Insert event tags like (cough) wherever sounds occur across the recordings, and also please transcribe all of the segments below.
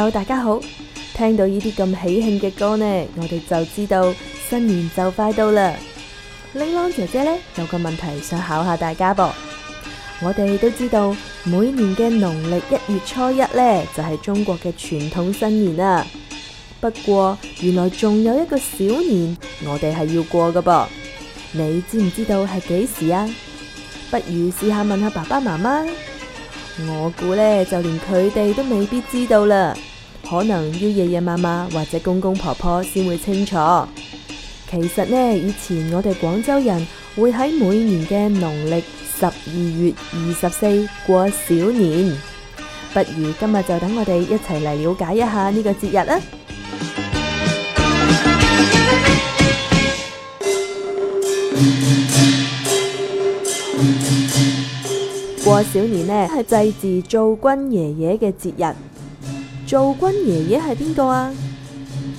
有大家好，聽到呢啲咁喜慶嘅歌呢，我哋就知道新年就快到啦。玲朗姐姐呢，有個問題想考下大家噃，我哋都知道每年嘅農曆一月初一呢，就係中國嘅傳統新年啦。不過原來仲有一個小年，我哋係要過噶噃。你知唔知道係幾時啊？不如試下問下爸爸媽媽。我估呢，就連佢哋都未必知道啦。可能要爺爺嫲嫲或者公公婆婆先會清楚。其實呢，以前我哋廣州人會喺每年嘅農曆十二月二十四過小年。不如今日就等我哋一齊嚟了解一下呢個節日啦。過小年呢，係祭祀灶君爺爺嘅節日。灶君爺爺係邊個啊？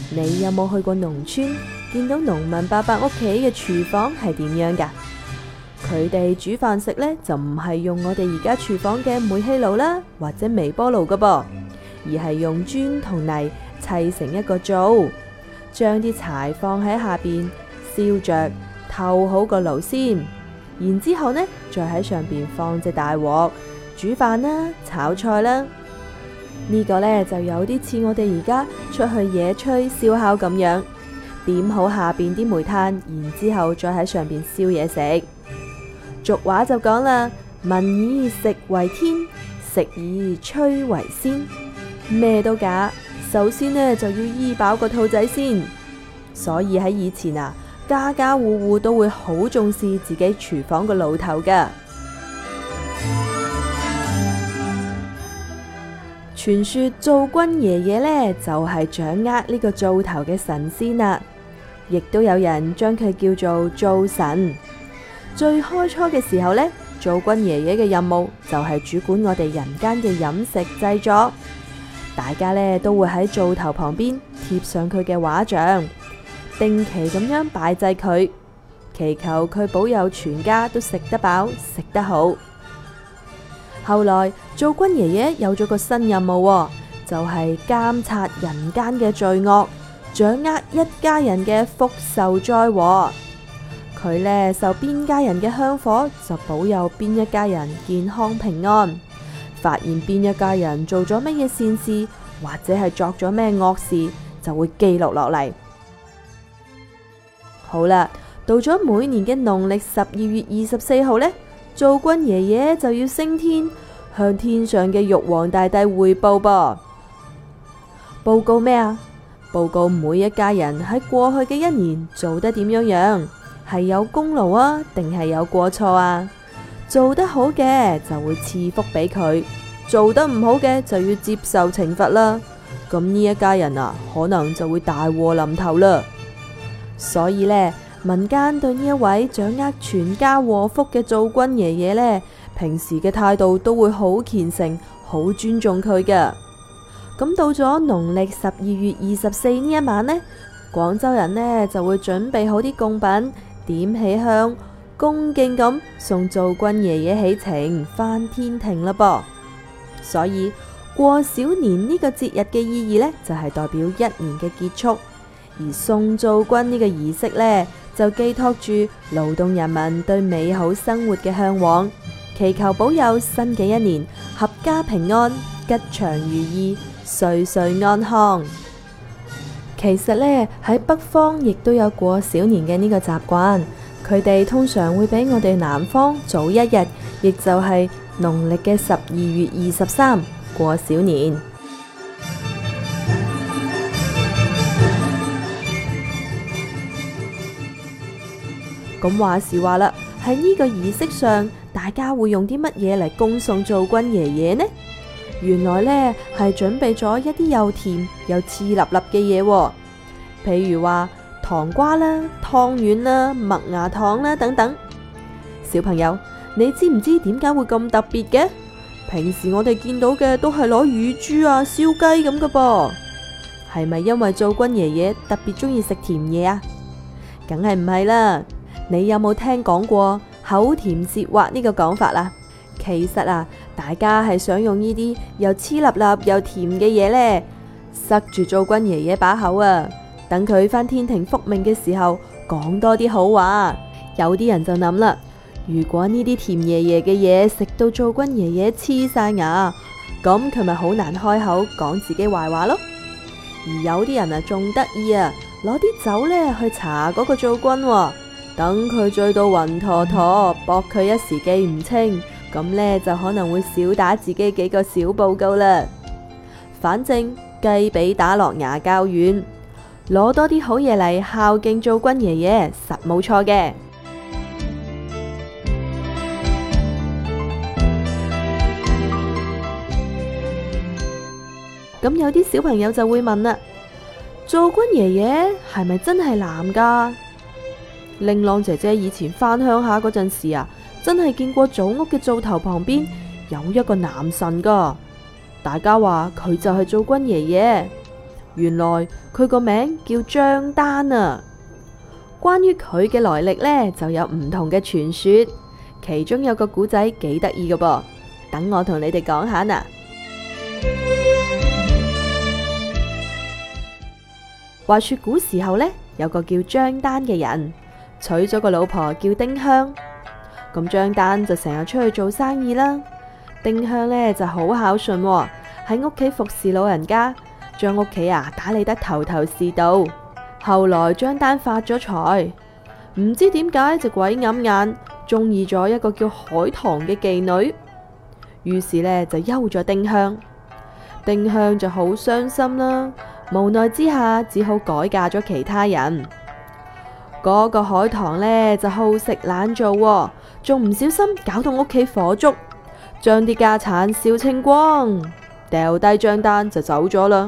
你有冇去過農村，見到農民伯伯屋企嘅廚房係點樣噶？佢哋煮飯食咧，就唔係用我哋而家廚房嘅煤氣爐啦，或者微波爐噶噃，而係用磚同泥砌成一個灶，將啲柴放喺下邊燒着，透好個爐先，然之後呢再喺上邊放隻大鑊煮飯啦、炒菜啦。呢個呢，就有啲似我哋而家出去野炊燒烤咁樣，點好下邊啲煤炭，然之後再喺上邊燒嘢食。俗話就講啦，民以食為天，食以炊為先。咩都假，首先呢，就要醫飽個肚仔先。所以喺以前啊，家家戶戶都會好重視自己廚房個爐頭噶。傳說灶君爺爺呢，就係、是、掌握呢個灶頭嘅神仙啦，亦都有人將佢叫做灶神。最開初嘅時候呢，灶君爺爺嘅任務就係主管我哋人間嘅飲食製作，大家呢，都會喺灶頭旁邊貼上佢嘅畫像，定期咁樣拜祭佢，祈求佢保佑全家都食得飽食得好。後來。灶君爺爺有咗個新任務，就係、是、監察人間嘅罪惡，掌握一家人嘅福壽災禍。佢咧受邊家人嘅香火，就保佑邊一家人健康平安。發現邊一家人做咗乜嘢善事，或者係作咗咩惡事，就會記錄落嚟。好啦，到咗每年嘅農曆十二月二十四號呢，灶君爺爺就要升天。向天上嘅玉皇大帝匯報噃，報告咩啊？報告每一家人喺過去嘅一年做得點樣樣，係有功勞啊，定係有過錯啊？做得好嘅就會賜福俾佢，做得唔好嘅就要接受懲罰啦。咁呢一家人啊，可能就會大禍臨頭啦。所以咧，民間對呢一位掌握全家禍福嘅灶君爺爺咧，平時嘅態度都會好虔誠，好尊重佢嘅。咁到咗農曆十二月二十四呢一晚呢，廣州人呢就會準備好啲貢品，點起香，恭敬咁送灶君爺爺起程翻天庭啦噃。所以過小年呢個節日嘅意義呢，就係代表一年嘅結束，而送灶君呢個儀式呢，就寄託住勞動人民對美好生活嘅嚮往。祈求保佑新嘅一年，合家平安，吉祥如意，歲歲安康。其實呢，喺北方亦都有過小年嘅呢個習慣，佢哋通常會比我哋南方早一日，亦就係農曆嘅十二月二十三過小年。咁 (music) 話時話啦。喺呢個儀式上，大家會用啲乜嘢嚟恭送灶君爺爺呢？原來呢係準備咗一啲又甜又黐立立嘅嘢，譬如話糖瓜啦、湯圓啦、麥芽糖啦等等。小朋友，你知唔知點解會咁特別嘅？平時我哋見到嘅都係攞乳豬啊、燒雞咁嘅噃，係咪因為灶君爺爺特別中意食甜嘢啊？梗係唔係啦。你有冇聽講過口甜舌滑呢個講法啦？其實啊，大家係想用呢啲又黐立立又甜嘅嘢呢，塞住灶君爺爺把口啊，等佢返天庭復命嘅時候講多啲好話。有啲人就諗啦，如果呢啲甜爺爺嘅嘢食到灶君爺爺黐晒牙，咁佢咪好難開口講自己壞話咯。而有啲人啊，仲得意啊，攞啲酒呢去查嗰個灶君啊。等佢醉到暈陀陀，搏佢一時記唔清，咁呢就可能會少打自己幾個小報告啦。反正雞髀打落牙膠軟，攞多啲好嘢嚟孝敬灶君爺爺，實冇錯嘅。咁 (music) 有啲小朋友就會問啦：灶君爺爺係咪真係男噶？令郎姐姐以前翻鄉下嗰陣時啊，真係見過祖屋嘅灶頭旁邊有一個男神噶。大家話佢就係灶君爺爺，原來佢個名叫張丹啊。關於佢嘅來歷呢，就有唔同嘅傳說。其中有個古仔幾得意嘅噃，等我同你哋講下啊。 (music) 話說古時候呢，有個叫張丹嘅人。娶咗個老婆叫丁香，咁張丹就成日出去做生意啦。丁香呢就好孝順、啊，喺屋企服侍老人家，將屋企啊打理得頭頭是道。後來張丹發咗財，唔知點解就鬼掩眼，中意咗一個叫海棠嘅妓女，於是呢就休咗丁香。丁香就好傷心啦、啊，無奈之下只好改嫁咗其他人。嗰個海棠呢就好食懶做、哦，仲唔小心搞到屋企火燭，將啲家產燒清光，掉低張單就走咗啦。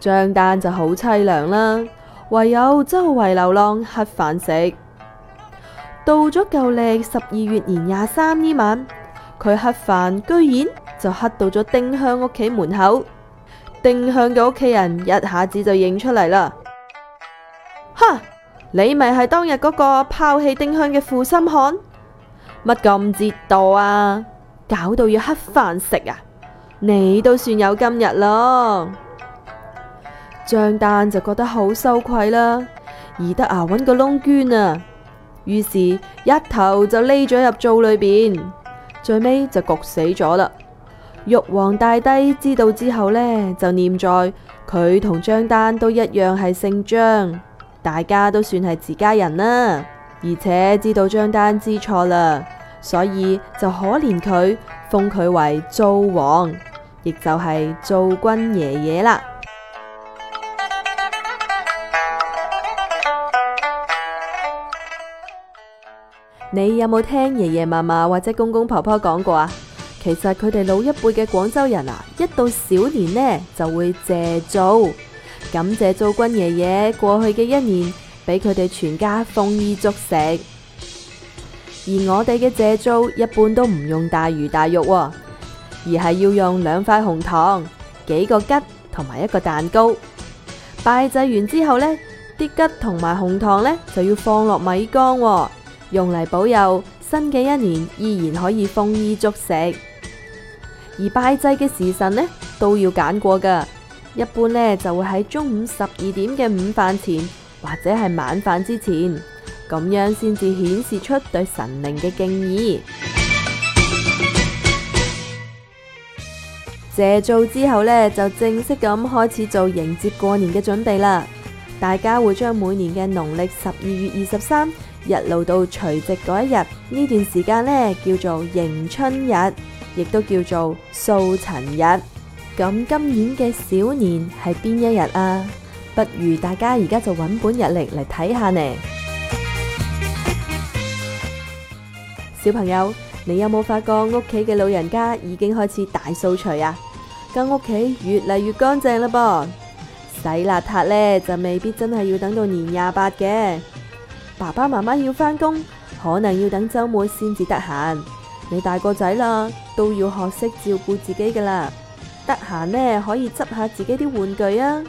張單就好淒涼啦，唯有周圍流浪乞飯食。到咗舊曆十二月廿三呢晚，佢乞飯居然就乞到咗丁香屋企門口，丁香嘅屋企人一下子就認出嚟啦。哈！你咪係當日嗰個拋棄丁香嘅負心漢，乜咁折墮啊？搞到要乞飯食啊！你都算有今日咯。張丹就覺得好羞愧啦，而得啊，搵個窿捐啊，於是，一頭就匿咗入灶裏邊，最尾就焗死咗啦。玉皇大帝知道之後呢，就念在佢同張丹都一樣係姓張。大家都算係自家人啦，而且知道張單知錯啦，所以就可憐佢，封佢為灶王，亦就係灶君爺爺啦。 (music) 你有冇聽爺爺嫲嫲，啊、或者公公婆婆講過啊？其實佢哋老一輩嘅廣州人啊，一到小年呢，就會借灶。感謝灶君爺爺過去嘅一年，俾佢哋全家豐衣足食。而我哋嘅謝灶一般都唔用大魚大肉哦，而係要用兩塊紅糖、幾個吉同埋一個蛋糕。拜祭完之後呢，啲吉同埋紅糖呢就要放落米缸哦，用嚟保佑新嘅一年依然可以豐衣足食。而拜祭嘅時辰呢，都要揀過噶。一般咧就會喺中午十二點嘅午飯前，或者係晚飯之前，咁樣先至顯示出對神靈嘅敬意。 (music) 謝灶之後呢，就正式咁開始做迎接過年嘅準備啦。大家會將每年嘅農曆十二月二十三日一路到除夕嗰一日，呢段時間呢，叫做迎春日，亦都叫做掃塵日。咁今年嘅小年係邊一日啊？不如大家而家就揾本日曆嚟睇下呢？ (music) 小朋友，你有冇發覺屋企嘅老人家已經開始大掃除啊？間屋企越嚟越乾淨啦噃，洗邋遢呢，就未必真係要等到年廿八嘅。爸爸媽媽要返工，可能要等周末先至得閒。你大個仔啦，都要學識照顧自己噶啦。得閒呢，可以執下自己啲玩具啊。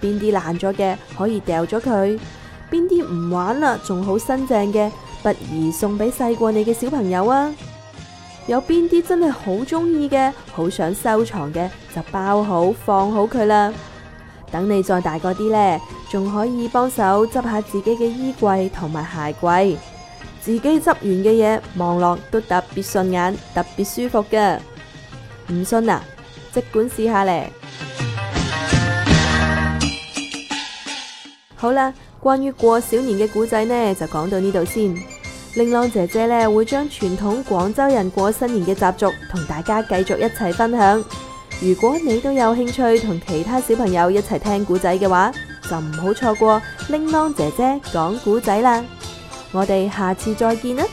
邊啲爛咗嘅可以掉咗佢，邊啲唔玩啦，仲好新淨嘅，不如送俾細過你嘅小朋友啊。有邊啲真係好中意嘅，好想收藏嘅，就包好放好佢啦。等你再大個啲呢，仲可以幫手執下自己嘅衣櫃同埋鞋櫃，自己執完嘅嘢望落都特別順眼，特別舒服嘅。唔信啊！即管試下咧。好啦，關於過小年嘅古仔呢，就講到呢度先。玲瓏姐姐呢會將傳統廣州人過新年嘅習俗同大家繼續一齊分享。如果你都有興趣同其他小朋友一齊聽古仔嘅話，就唔好錯過玲瓏姐姐講古仔啦。我哋下次再見啦。